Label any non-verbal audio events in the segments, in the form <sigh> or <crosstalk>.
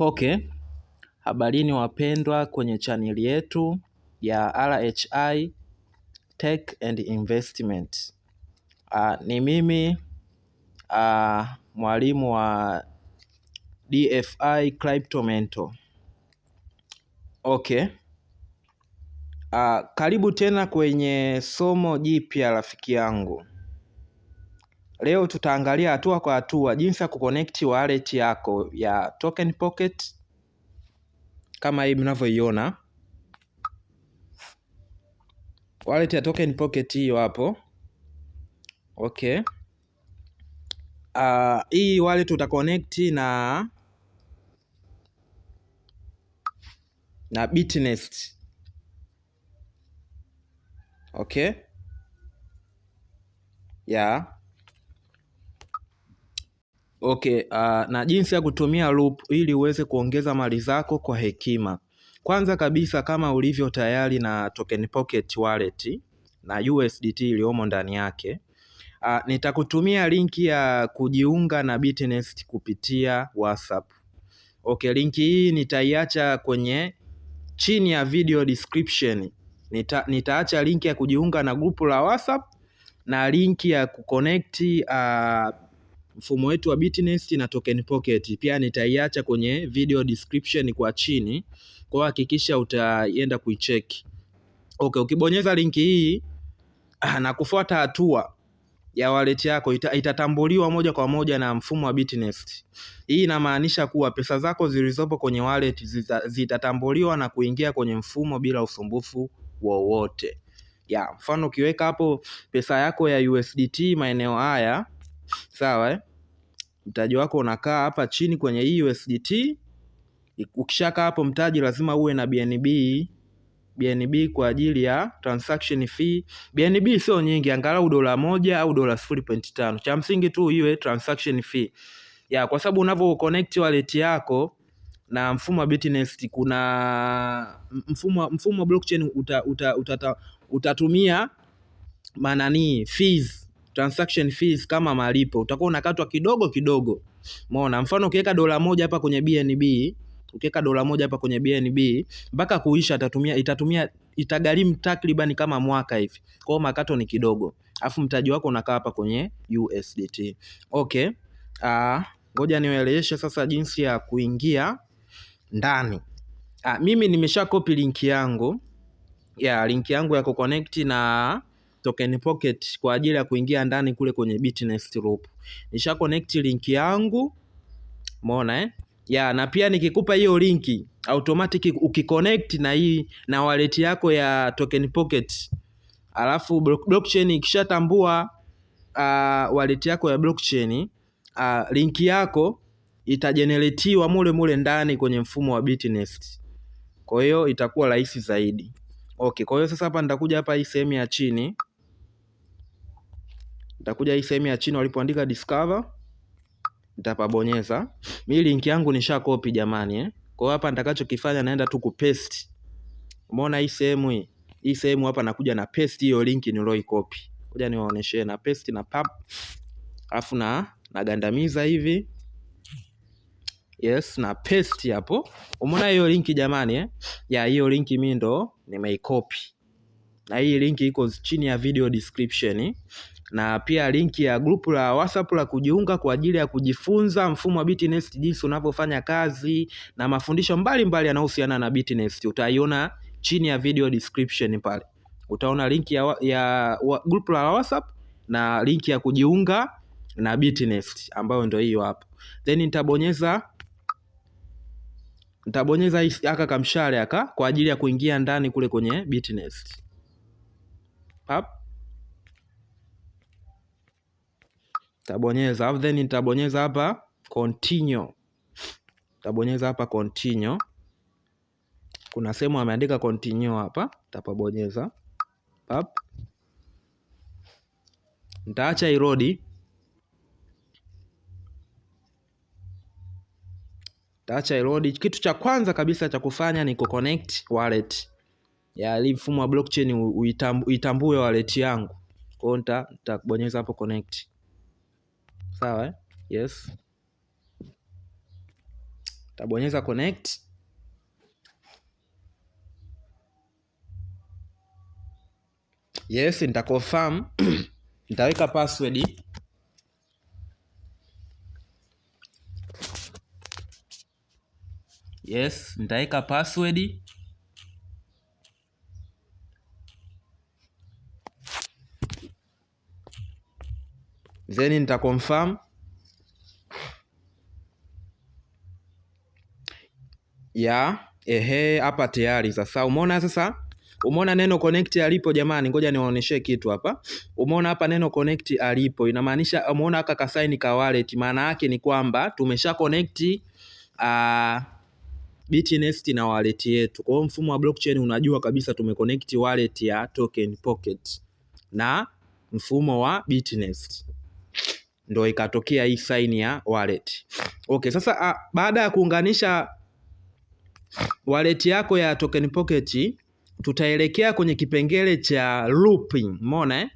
Hoke, okay. Habarini wapendwa kwenye chaneli yetu ya RHI Tech and Investment. Uh, ni mimi uh, mwalimu wa DFI Crypto Mentor. Okay. Uh, karibu tena kwenye somo jipya rafiki yangu. Leo tutaangalia hatua kwa hatua jinsi ya kuconnect wallet yako ya Token Pocket kama hii mnavyoiona. Wallet ya Token Pocket hiyo hapo. Okay. Uh, hii wallet utaconnect na na Bitnest. Okay. Yeah. Okay, uh, na jinsi ya kutumia loop ili uweze kuongeza mali zako kwa hekima. Kwanza kabisa kama ulivyo tayari na Token Pocket wallet na USDT iliyomo ndani yake, uh, nitakutumia linki ya kujiunga na Bitnest kupitia WhatsApp. Okay, linki hii nitaiacha kwenye chini ya video description. Nita, nitaacha linki ya kujiunga na grupu la WhatsApp na linki ya kuconnect uh, mfumo wetu wa Bitnest na Token Pocket. Pia nitaiacha kwenye video description kwa chini, kwa hakikisha utaenda kuicheki. Okay, ukibonyeza linki hii ah, na kufuata hatua ya wallet yako ita, itatambuliwa moja kwa moja na mfumo wa Bitnest. Hii inamaanisha kuwa pesa zako zilizopo kwenye wallet zita, zitatambuliwa na kuingia kwenye mfumo bila usumbufu wowote. Ya, mfano ukiweka hapo pesa yako ya USDT maeneo haya sawa eh? Mtaji wako unakaa hapa chini kwenye hii USDT. Ukishakaa hapo mtaji, lazima uwe na BNB BNB kwa ajili ya transaction fee. BNB sio nyingi, angalau dola moja au dola 0.5. Cha msingi tu iwe transaction fee. Ya kwa sababu unavyo connect wallet yako na mfumo wa Bitnest, kuna mfumo mfumo wa blockchain uta, uta, uta, uta, utatumia manani fees transaction fees kama malipo, utakuwa unakatwa kidogo kidogo. Umeona, mfano ukiweka dola moja hapa kwenye BNB, ukiweka dola moja hapa kwenye BNB mpaka kuisha, itatumia itatumia itagharimu takriban kama mwaka hivi, kwa hiyo makato ni kidogo, afu mtaji wako unakaa hapa kwenye USDT. Okay, ah, ngoja niwaeleweshe sasa jinsi ya kuingia ndani. Aa, ah, mimi nimesha copy link yangu ya yeah, link yangu ya kuconnect na token pocket kwa ajili ya kuingia ndani kule kwenye Bitneft loop. Nisha connect link yangu. Umeona eh? Ya, na pia nikikupa hiyo linki automatic ukiconnect na hii na wallet yako ya token pocket. Alafu blockchain ikishatambua uh, wallet yako ya blockchain uh, ah, linki yako itajeneretiwa mule mule ndani kwenye mfumo wa Bitneft. Kwa hiyo itakuwa rahisi zaidi. Okay, kwa hiyo sasa hapa nitakuja hapa hii sehemu ya chini nitakuja hii sehemu ya chini walipoandika discover nitapabonyeza. Mimi link yangu nisha copy jamani eh. Kwa hapa nitakachokifanya naenda tu ku paste. Umeona hii sehemu hii? Hii sehemu hapa nakuja na paste hiyo link niloi copy. Ngoja niwaoneshe na paste na pap. Alafu na nagandamiza hivi. Yes, na paste hapo. Umeona hiyo link jamani eh? Ya hiyo link mimi ndo nimeicopy. Na hii link iko chini ya video description na pia linki ya grupu la WhatsApp la kujiunga kwa ajili ya kujifunza mfumo wa BitNest jinsi unavyofanya kazi na mafundisho mbalimbali yanayohusiana na BitNest. Utaiona chini ya video description pale. Utaona linki ya, ya grupu la WhatsApp na linki ya kujiunga na BitNest ambayo ndio hiyo hapo. Then nitabonyeza nitabonyeza aka kamshale aka kwa ajili ya kuingia ndani kule kwenye BitNest. Hap. Tabonyeza hapo then nitabonyeza hapa continue. Tabonyeza hapa continue. Kuna sehemu ameandika continue hapa, tapabonyeza pap. Nitaacha irodi, nitaacha irodi. Kitu cha kwanza kabisa cha kufanya ni kuconnect wallet ya mfumo wa blockchain uitambue wallet yangu. Kwa hiyo nitabonyeza hapo connect sawa eh? Yes, tabonyeza connect. Yes, nita confirm <clears throat> nitaweka password yes, nitaweka password then nita confirm ya ehe, hapa tayari sasa. Umeona sasa, umeona neno connect alipo. Jamani, ngoja niwaoneshe kitu hapa. Umeona hapa neno connect alipo, inamaanisha umeona aka kasaini ka wallet, maana yake ni kwamba tumesha connect uh, ah, BitNest na wallet yetu. Kwa hiyo mfumo wa blockchain unajua kabisa tumeconnect wallet ya Token Pocket na mfumo wa BitNest ndo ikatokea hii sign ya wallet. Okay, sasa a, ah, baada ya kuunganisha wallet yako ya Token Pocket tutaelekea kwenye kipengele cha looping. Umeona eh?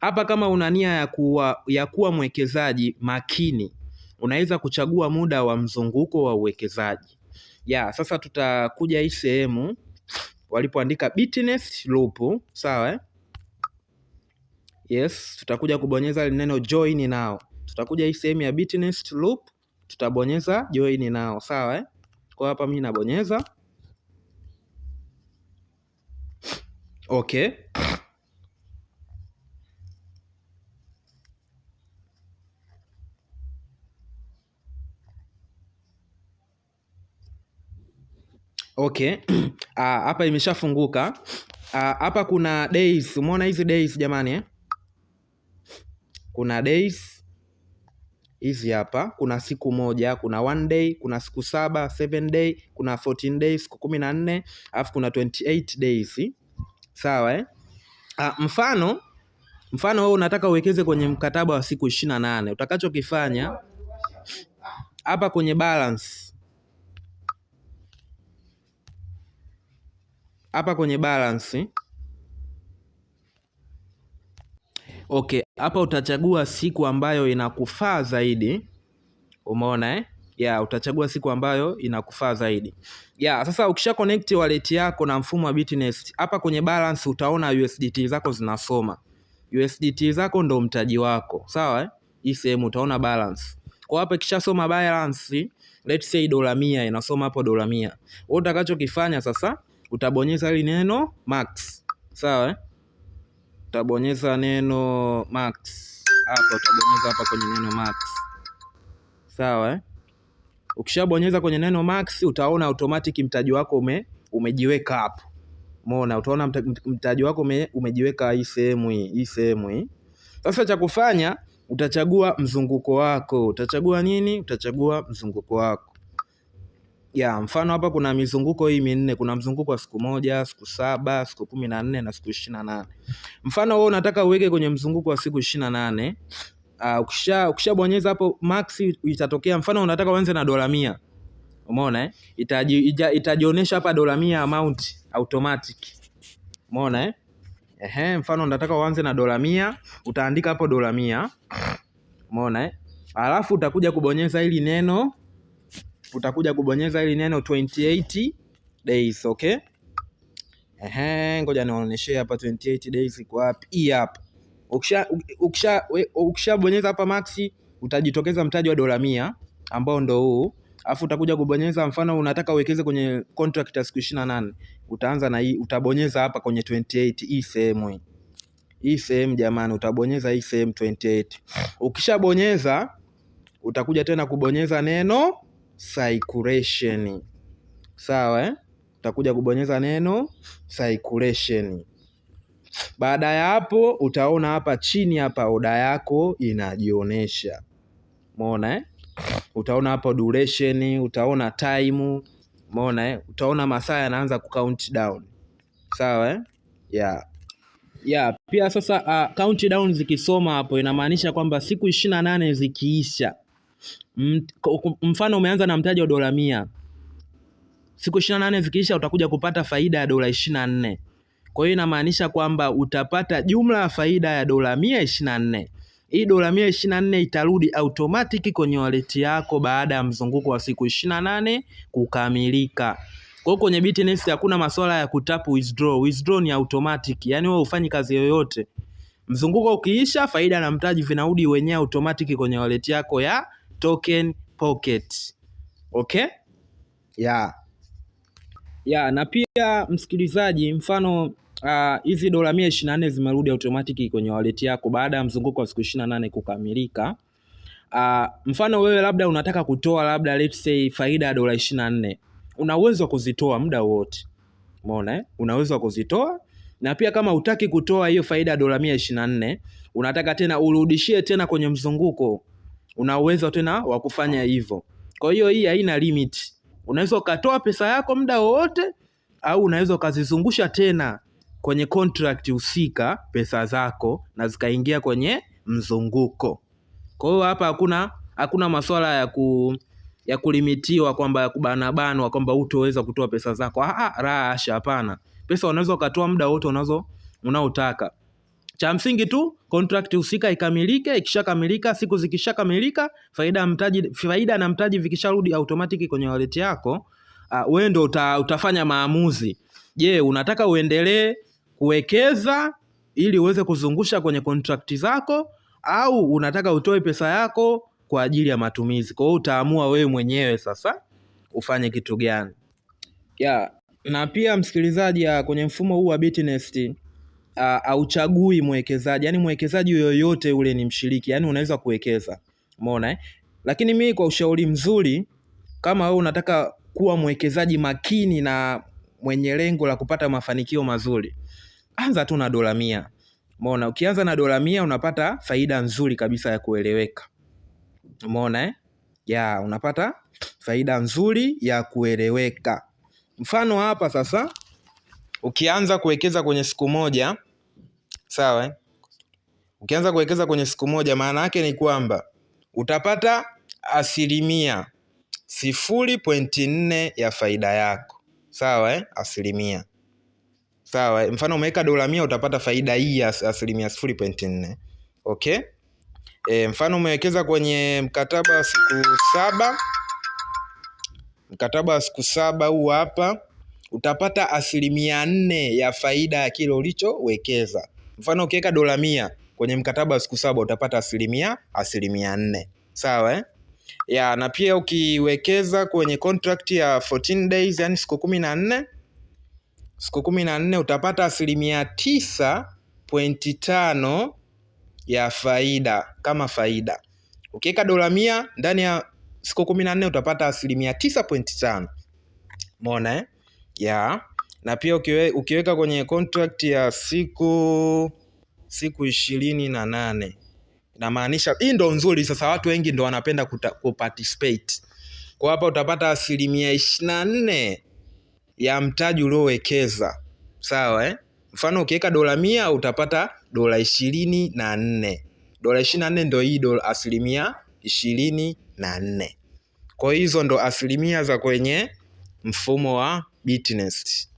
Hapa kama una nia ya kuwa, ya kuwa mwekezaji makini unaweza kuchagua muda wa mzunguko wa uwekezaji. Ya, sasa tutakuja hii sehemu walipoandika business loop, sawa eh? Yes, tutakuja kubonyeza lile neno join now. Tutakuja hii sehemu ya Bitnest loop, tutabonyeza join nao, sawa eh? Kwa hapa mimi nabonyeza okay. Okay. <clears throat> Ah, hapa imeshafunguka ah, hapa, kuna days. Umeona hizi days jamani eh? Kuna days hizi hapa. Kuna siku moja, kuna one day, kuna siku saba, seven day, kuna 14 days, siku kumi na nne alafu kuna 28 days. Sawa eh? A, ah, mfano mfano wewe unataka uwekeze kwenye mkataba wa siku ishirini na nane utakachokifanya hapa kwenye balance hapa kwenye balance okay hapa utachagua siku ambayo inakufaa zaidi. Umeona eh? Yeah, utachagua siku ambayo inakufaa zaidi. Yeah, sasa ukisha connect wallet yako na mfumo wa Bitnest, hapa kwenye balance utaona USDT zako zinasoma. USDT zako ndo mtaji wako. Sawa eh? Hii sehemu utaona balance. Kwa hapa ikishasoma balance, let's say dola mia inasoma hapo dola mia Wewe utakachokifanya sasa utabonyeza hili neno max. Sawa eh? utabonyeza neno max hapa, utabonyeza hapa kwenye neno max, sawa eh? Ukishabonyeza kwenye neno max, utaona automatic mtaji wako ume, umejiweka hapo. Umeona, utaona mtaji wako ume, umejiweka hii sehemu hii hii sehemu hii. Sasa cha kufanya utachagua mzunguko wako, utachagua nini? Utachagua mzunguko wako. Ya, mfano hapa kuna mizunguko hii minne, kuna mzunguko wa siku moja, siku saba, siku kumi na nne na siku ishirini na nane. Mfano wewe unataka uweke kwenye mzunguko wa siku ishirini na nane. Uh, ukisha ukishabonyeza hapo max itatokea, mfano unataka uanze na dola mia. Umeona eh? Itaji, ita, itajionyesha hapa dola mia amount automatic. Umeona eh? Ehe, mfano unataka uanze na dola mia, utaandika hapo dola mia. Umeona eh? Alafu utakuja kubonyeza hili neno utakuja kubonyeza ili neno 28 days, okay? Ehe, ngoja niwaonyeshe hapa 28 days iko wapi? Hii hapa. Ukisha ukisha ukishabonyeza hapa max, utajitokeza mtaji wa dola mia ambao ndo huu afu utakuja kubonyeza, mfano unataka uwekeze kwenye contract ya siku 28, utaanza na hii, utabonyeza hapa kwenye 28 hii sehemu hii. Hii sehemu jamani, utabonyeza hii sehemu 28. Ukishabonyeza utakuja tena kubonyeza neno circulation. Sawa eh? Utakuja kubonyeza neno circulation. Baada ya hapo utaona hapa chini hapa oda yako inajionyesha. Umeona eh? Utaona hapo duration, utaona time, umeona eh? Utaona masaa yanaanza ku count down. Sawa eh? Yeah. Yeah, pia sasa uh, ah, countdown zikisoma hapo inamaanisha kwamba siku ishirini na nane zikiisha mfano umeanza na mtaji wa dola mia, siku 28 zikiisha utakuja kupata faida ya dola 24. Kwa hiyo inamaanisha kwamba utapata jumla ya faida ya dola mia 124. Hii dola mia 124 itarudi automatic kwenye wallet yako baada ya mzunguko wa siku 28 kukamilika. Kwa hiyo kwenye BitNEX hakuna masuala ya kutapu withdraw. Withdraw ni automatic, yani wewe ufanyi kazi yoyote. Mzunguko ukiisha, faida na mtaji vinarudi wenyewe automatic kwenye wallet yako ya token pocket. Okay? Yeah. Yeah, na pia msikilizaji, mfano ah, hizi uh, dola mia ishirini na nne zimerudi automatic kwenye wallet yako baada ya mzunguko wa siku ishirini na nane kukamilika. Uh, mfano wewe labda unataka kutoa labda let's say faida ya dola ishirini na nne una uwezo wa kuzitoa muda wote. Umeona eh? Una uwezo kuzitoa na pia kama utaki kutoa hiyo faida ya dola mia ishirini na nne unataka tena urudishie tena kwenye mzunguko una uwezo tena wa kufanya hivyo. Kwa hiyo hii haina limit, unaweza ukatoa pesa yako muda wowote, au unaweza ukazizungusha tena kwenye contract husika pesa zako na zikaingia kwenye mzunguko. Kwa hiyo hapa hakuna hakuna masuala ya ku ya kulimitiwa kwamba ya kubanabanwa kwamba utoweza kutoa pesa zako. Ah, la hapana. Pesa unaweza ukatoa muda wote unazo unaotaka. Cha msingi tu contract husika ikamilike. Ikishakamilika, siku zikishakamilika, faida mtaji, faida na mtaji vikisharudi automatic kwenye wallet yako, uh, wewe ndio uta, utafanya maamuzi. Je, unataka uendelee kuwekeza ili uweze kuzungusha kwenye contract zako au unataka utoe pesa yako kwa ajili ya matumizi. Kwa hiyo utaamua wewe mwenyewe sasa ufanye kitu gani. Yeah, na pia msikilizaji, ah, kwenye mfumo huu wa Bitnest auchagui mwekezaji, yani mwekezaji yoyote ule ni mshiriki, yani unaweza kuwekeza. Umeona eh? Lakini mi kwa ushauri mzuri, kama wewe unataka kuwa mwekezaji makini na mwenye lengo la kupata mafanikio mazuri, anza tu na dola mia. Umeona, ukianza na dola mia unapata faida nzuri kabisa ya kueleweka. Umeona eh? Ya, unapata faida nzuri ya kueleweka. Mfano hapa sasa ukianza kuwekeza kwenye siku moja sawa eh? Ukianza kuwekeza kwenye siku moja, maana yake ni kwamba utapata asilimia sifuri pointi nne ya faida yako sawa eh? Asilimia sawa eh? Mfano umeweka dola mia utapata faida hii ya asilimia sifuri pointi nne okay? E, mfano umewekeza kwenye mkataba wa siku saba mkataba wa siku saba huu hapa utapata asilimia nne ya faida ya kile ulichowekeza. Mfano, ukiweka dola mia kwenye mkataba wa siku saba utapata asilimia asilimia nne sawa eh? ya na pia ukiwekeza kwenye contract ya 14 days, yani siku kumi na nne siku kumi na nne utapata asilimia tisa pointi tano ya faida kama faida. Ukiweka dola mia ndani ya siku kumi na nne utapata asilimia tisa pointi tano. mona eh? yeah. Na pia ukiwe, ukiweka kwenye contract ya siku siku ishirini na nane inamaanisha hii ndo nzuri sasa, watu wengi ndo wanapenda kuparticipate kwa hapa, utapata asilimia ishirini na nne ya mtaji uliowekeza sawa, eh? Mfano ukiweka dola mia utapata dola ishirini na nne dola ishirini na nne ndo hii dola asilimia ishirini na nne Kwa hizo ndo asilimia za kwenye mfumo wa business.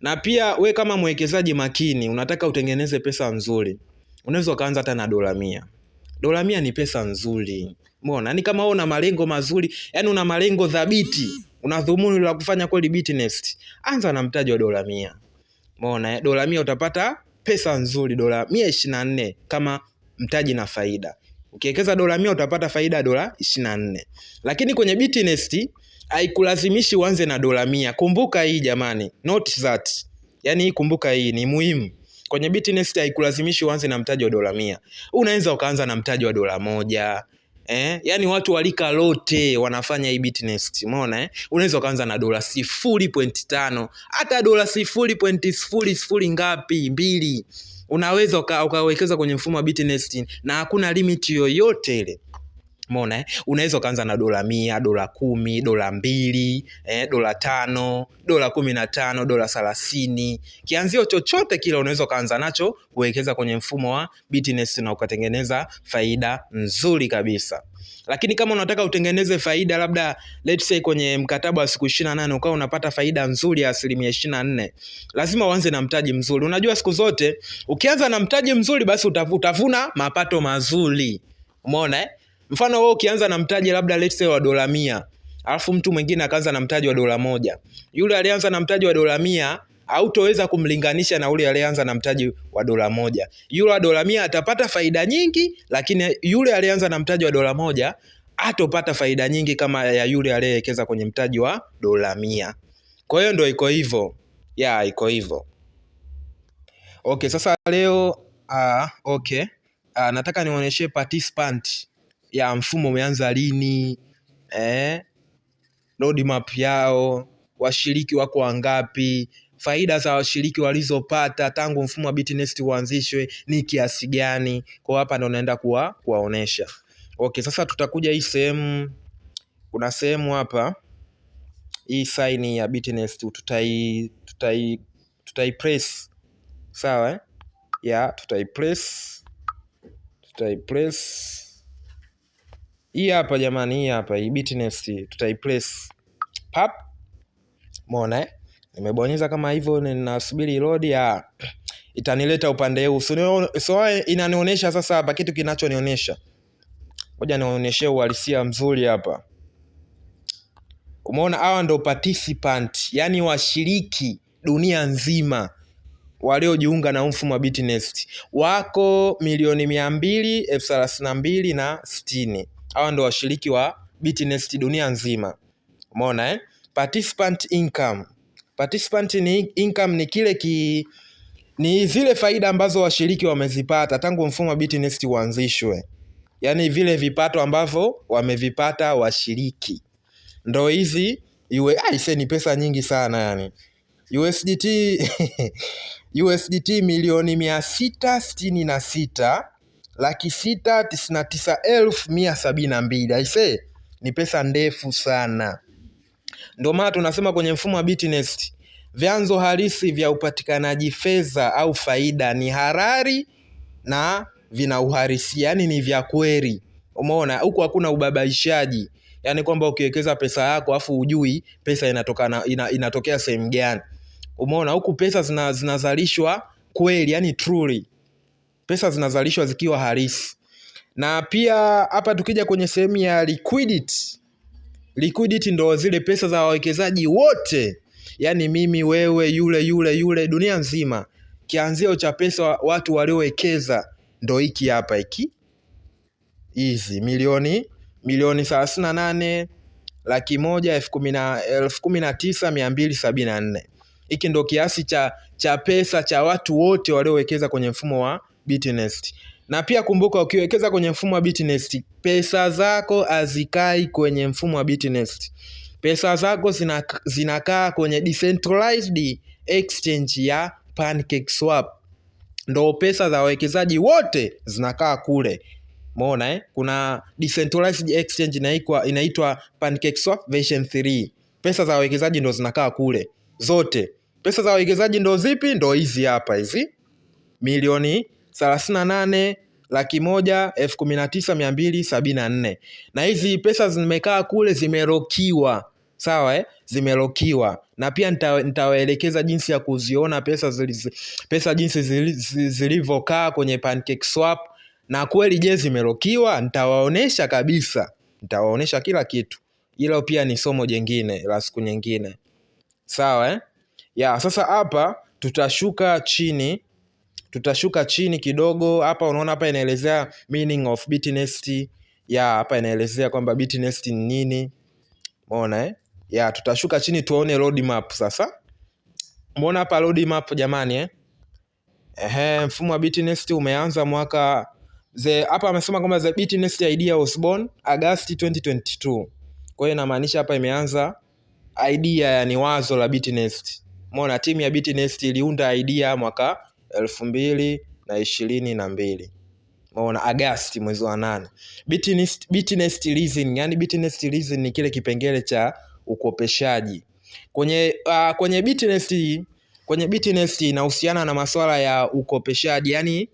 Na pia we kama mwekezaji makini, unataka utengeneze pesa nzuri, unaweza ukaanza hata na dola mia. Dola mia ni pesa nzuri, umeona? ni yaani kama wewe una malengo mazuri, yani una malengo thabiti, una dhumuni la kufanya kweli business, anza na mtaji wa dola mia. Umeona? Dola mia utapata pesa nzuri, dola mia ishirini na nne kama mtaji na faida. Ukiwekeza dola mia utapata faida ya dola ishirini na nne. Lakini kwenye business haikulazimishi uanze na dola mia. Kumbuka hii jamani, not that. Yaani hii kumbuka hii ni muhimu. Kwenye Bitnest haikulazimishi uanze na mtaji wa dola mia. Unaweza ukaanza na mtaji wa dola moja. Eh? yani watu walika lote wanafanya hii Bitnest. Umeona eh? Unaweza ukaanza na dola 0.5 hata dola 0.00 ngapi? Mbili. Unaweza ukawekeza kwenye mfumo wa Bitnest na hakuna limit yoyote ile. Umeona eh? Unaweza ukaanza na dola mia, dola kumi, dola mbili, eh, dola tano, dola kumi na tano, dola thelathini. Kianzio chochote kile unaweza ukaanza nacho kuwekeza kwenye mfumo wa business na ukatengeneza faida nzuri kabisa. Lakini kama unataka utengeneze faida labda let's say kwenye mkataba wa siku 28 ukawa unapata faida nzuri ya asilimia 24, lazima uanze na mtaji mzuri. Unajua siku zote ukianza na mtaji mzuri basi utavuna mapato mazuri. Umeona eh? Mfano wewe ukianza na mtaji labda let's say wa dola mia, alafu mtu mwingine akaanza na mtaji wa dola moja. Yule alianza na mtaji wa dola mia hautoweza kumlinganisha na yule alianza na mtaji wa dola moja. Yule wa dola mia atapata faida nyingi, lakini yule aliyeanza na mtaji wa dola moja atopata faida nyingi kama ya yule aliyewekeza kwenye mtaji wa dola mia. Kwa hiyo ndo iko hivyo ya iko hivyo. Okay, sasa leo uh, okay. Uh, nataka nionyeshe participant ya mfumo umeanza lini eh, roadmap yao, washiriki wako wangapi, faida za washiriki walizopata tangu mfumo wa BitNest uanzishwe ni kiasi gani. Kwa hapa ndo naenda kuwa kuwaonesha. Okay, sasa tutakuja hii sehemu, kuna sehemu hapa hii sign ya BitNest tutai tutai tutai press sawa, eh? ya tutai press tutai press hii hapa jamani, hii hapa hii beat tutaiplace pap. Umeona eh? Nimebonyeza kama hivyo, ninasubiri load ya itanileta upande huu. So, so inanionyesha sasa hapa kitu kinachonionyesha. Ngoja nionyeshe uhalisia mzuri hapa. Umeona, hawa ndo participant, yani washiriki dunia nzima waliojiunga na mfumo wa BitNest wako milioni mia mbili elfu thelathini na mbili na sitini. Hawa ndo washiriki wa BitNest dunia nzima. Umeona eh? Participant income. Participant ni income ni kile ki ni zile faida ambazo washiriki wamezipata tangu mfumo wa BitNest uanzishwe. Yaani vile vipato ambavyo wamevipata washiriki. Ndo hizi aise ni pesa nyingi sana yani. USDT USDT <laughs> milioni mia sita sitini na sita laki sita tisini na tisa elfu mia sabini na mbili. Aise, ni pesa ndefu sana. Ndio maana tunasema kwenye mfumo wa Bitnest vyanzo halisi vya upatikanaji fedha au faida ni harari na vina uharisia, yani ni vya kweli. Umeona, huku hakuna ubabaishaji, yani kwamba ukiwekeza pesa yako afu ujui pesa inatoka ina, inatokea sehemu gani. Umeona, huku pesa zinazalishwa kweli, yani truly pesa zinazalishwa zikiwa halisi. Na pia hapa tukija kwenye sehemu ya liquidity, liquidity ndo zile pesa za wawekezaji wote, yaani mimi, wewe, yule yule yule, dunia nzima. Kianzio cha pesa watu waliowekeza ndo hiki hapa hiki, hizi milioni milioni thelathini na nane laki moja elfu kumi na tisa mia mbili sabini na nne. Hiki ndo kiasi cha, cha pesa cha watu wote waliowekeza kwenye mfumo wa Bitnest. Na pia kumbuka ukiwekeza kwenye mfumo wa Bitnest, pesa zako hazikai kwenye mfumo wa Bitnest. Pesa zako zinakaa kwenye decentralized exchange ya PancakeSwap. Ndo pesa za wawekezaji wote zinakaa kule. Umeona eh? Kuna decentralized exchange inaitwa inaitwa PancakeSwap version 3. Pesa za wawekezaji ndo zinakaa kule zote. Pesa za wawekezaji ndo zipi? Ndo hizi hapa hizi milioni thelathini na nane laki moja elfu kumi na tisa mia mbili sabini na nne na hizi pesa zimekaa kule zimerokiwa sawa eh? zimerokiwa na pia nitawaelekeza jinsi ya kuziona pesa ziliz, pesa jinsi zilivyokaa kwenye pancake swap na kweli je zimerokiwa nitawaonesha kabisa nitawaonesha kila kitu hilo pia ni somo jengine la siku nyingine sawa eh? ya sasa hapa tutashuka chini tutashuka chini kidogo hapa. Unaona hapa inaelezea meaning of BitNest ya hapa inaelezea kwamba BitNest ni nini, umeona eh? Ya tutashuka chini tuone road map sasa. Umeona hapa road map jamani eh? Ehe, mfumo wa BitNest umeanza mwaka ze hapa amesema kwamba the BitNest idea was born August 2022. Kwa hiyo inamaanisha hapa imeanza idea, yani wazo la BitNest. Umeona timu ya BitNest iliunda idea mwaka elfu mbili na ishirini na mbili Maona Agasti mwezi wa nane. Bitnest, bitnest reason, yani bitnest reason ni kile kipengele cha ukopeshaji kwenye uh, kwenye bitnest kwenye bitnest inahusiana na masuala ya ukopeshaji yani,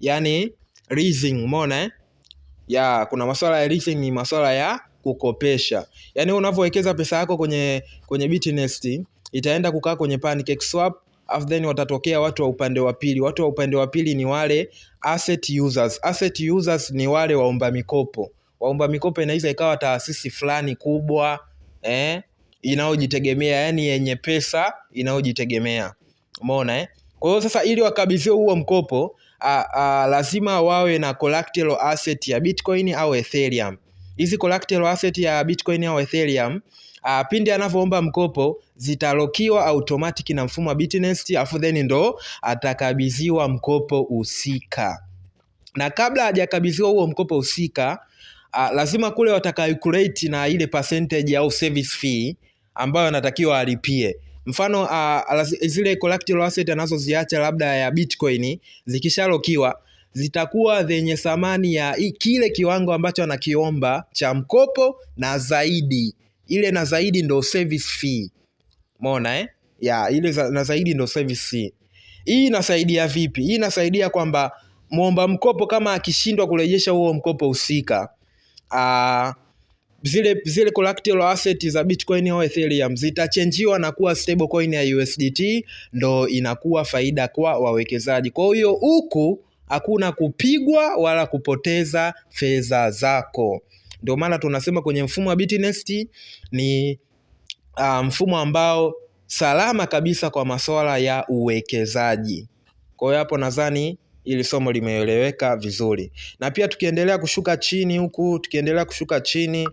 yani leasing umeona eh? ya kuna masuala ya leasing ni masuala ya kukopesha yani unavyowekeza pesa yako kwenye kwenye bitnest itaenda kukaa kwenye pancake swap then watatokea watu wa upande wa pili. Watu wa upande wa pili ni wale asset users. Asset users ni wale waomba mikopo. Waomba mikopo inaweza ikawa taasisi fulani kubwa eh, inayojitegemea yani yenye pesa inayojitegemea. Umeona eh? Kwa hiyo sasa, ili wakabidhiwe huo mkopo a, a, lazima wawe na collateral asset ya Bitcoin au Ethereum. Hizi collateral asset ya Bitcoin au Ethereum uh, pindi anavyoomba mkopo zitalokiwa automatic na mfumo wa Bitnest, afu then ndo atakabidhiwa mkopo husika, na kabla hajakabidhiwa huo mkopo husika uh, lazima kule watakalculate na ile percentage au service fee ambayo anatakiwa alipie. Mfano uh, zile collateral asset anazoziacha labda ya Bitcoin zikishalokiwa zitakuwa zenye thamani ya kile kiwango ambacho anakiomba cha mkopo na zaidi ile na zaidi ndo service fee. Umeona eh? Ya, ile za, na zaidi ndo service fee. Hii inasaidia vipi? Hii inasaidia kwamba muomba mkopo kama akishindwa kurejesha huo mkopo husika, uh, zile zile collateral asset za Bitcoin au Ethereum zitachenjiwa na kuwa stable coin ya USDT, ndo inakuwa faida kwa wawekezaji. Kwa hiyo huku hakuna kupigwa wala kupoteza fedha zako. Ndio maana tunasema kwenye mfumo wa BitNest ni uh, mfumo ambao salama kabisa kwa masuala ya uwekezaji. Kwa hiyo hapo nadhani ili somo limeeleweka vizuri, na pia tukiendelea kushuka chini huku, tukiendelea kushuka chini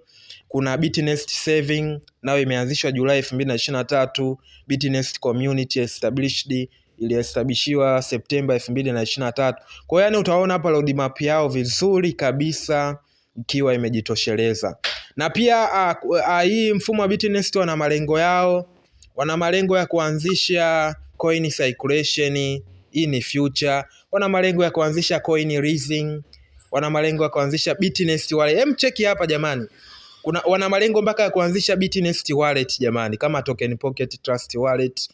kuna BitNest Saving nayo imeanzishwa Julai 2023. BitNest Community established iliestablishiwa Septemba 2023. Kwa hiyo yani utaona hapa roadmap yao vizuri kabisa ikiwa imejitosheleza. Na pia ah, ah, hii mfumo wa Bitnest wana malengo yao, wana malengo ya kuanzisha coin circulation in future, wana malengo ya kuanzisha coin raising, wana malengo ya kuanzisha Bitnest wallet. Hem, cheki hapa jamani. Kuna wana malengo mpaka ya kuanzisha Bitnest wallet jamani, kama Token Pocket Trust wallet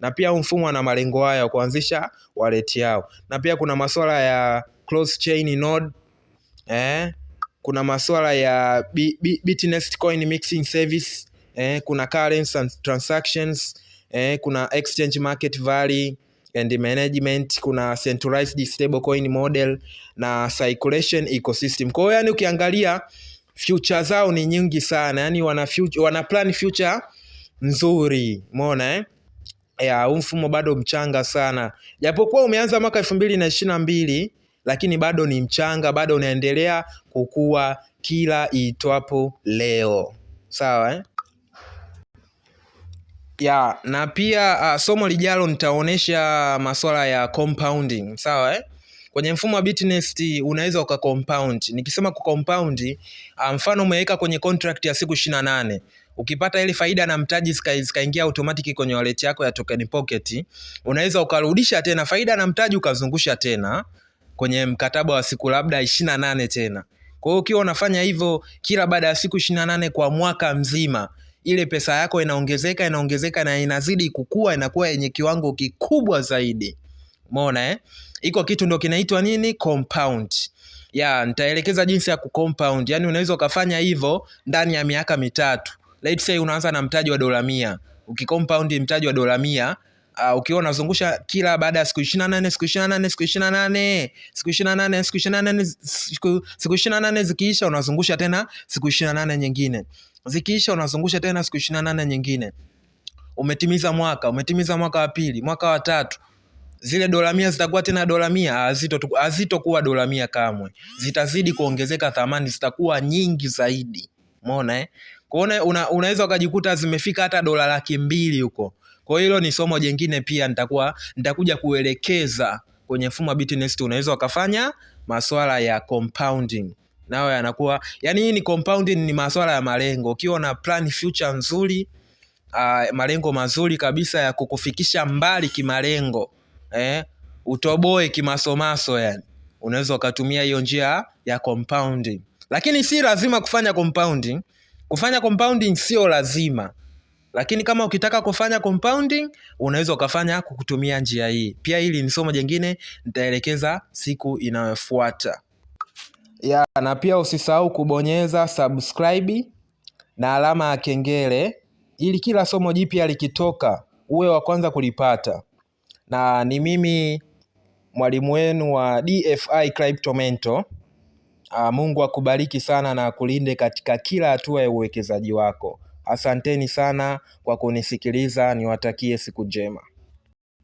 na pia mfumo ana malengo haya ya kuanzisha wallet yao, na pia kuna masuala ya cross chain node eh kuna masuala ya Bitnest coin mixing service eh, kuna currency and transactions eh, kuna exchange market value and management, kuna centralized stable coin model na circulation ecosystem. Kwa hiyo yani, ukiangalia future zao ni nyingi sana, yani wana future, wana plan future nzuri, umeona eh? Ya, huu mfumo bado mchanga sana, japokuwa umeanza mwaka elfu mbili na ishirini na mbili lakini bado ni mchanga, bado unaendelea kukua kila iitwapo leo. Sawa eh? Ya, na pia uh, somo lijalo nitaonesha masuala ya compounding, sawa eh? Kwenye mfumo wa Bitnest unaweza uka compound. Nikisema ku compound, ah, mfano umeweka kwenye contract ya siku 28. Ukipata ile faida na mtaji zikaingia automatic kwenye wallet yako ya token pocket, unaweza ukarudisha tena faida na mtaji ukazungusha tena kwenye mkataba wa siku labda ishirini na nane tena. Kwa hiyo ukiwa unafanya hivyo kila baada ya siku ishirini na nane kwa mwaka mzima, ile pesa yako inaongezeka inaongezeka na inazidi kukua, inakuwa yenye kiwango kikubwa zaidi. Umeona eh? Iko kitu ndo kinaitwa nini? Compound. Ya, nitaelekeza jinsi ya kucompound. Yaani unaweza ukafanya hivyo ndani ya miaka mitatu. Let's say unaanza na mtaji wa dola mia. Ukicompound mtaji wa dola mia uh, ukiwa unazungusha kila baada ya siku ishirini na nane siku ishirini na nane siku ishirini na nane siku ishirini na nane siku ishirini na nane siku ishirini na nane zikiisha unazungusha tena siku ishirini na nane nyingine zikiisha unazungusha tena siku ishirini na nane nyingine umetimiza mwaka umetimiza mwaka wa pili mwaka wa tatu zile dola mia zitakuwa tena dola mia hazito hazitokuwa dola mia kamwe zitazidi kuongezeka thamani zitakuwa nyingi zaidi umeona eh? una, unaweza ukajikuta zimefika hata dola laki mbili huko kwa hilo ni somo jingine pia nitakuwa nitakuja kuelekeza kwenye mfumo wa BitNext unaweza ukafanya masuala ya compounding. Nao yanakuwa yani hii ni compounding ni masuala ya malengo. Ukiwa na plan future nzuri, uh, malengo mazuri kabisa ya kukufikisha mbali kimalengo. Eh, utoboe kimasomaso yani. Unaweza ukatumia hiyo njia ya compounding. Lakini si lazima kufanya compounding. Kufanya compounding sio lazima. Lakini kama ukitaka kufanya compounding unaweza ukafanya kwa kutumia njia hii. Pia hili ni somo jingine nitaelekeza siku inayofuata. Ya, na pia usisahau kubonyeza subscribe na alama ya kengele ili kila somo jipya likitoka uwe wa kwanza kulipata. Na ni mimi mwalimu wenu wa DFI Crypto Mentor. Ah, Mungu akubariki sana na akulinde katika kila hatua ya uwekezaji wako. Asanteni sana kwa kunisikiliza, niwatakie siku njema.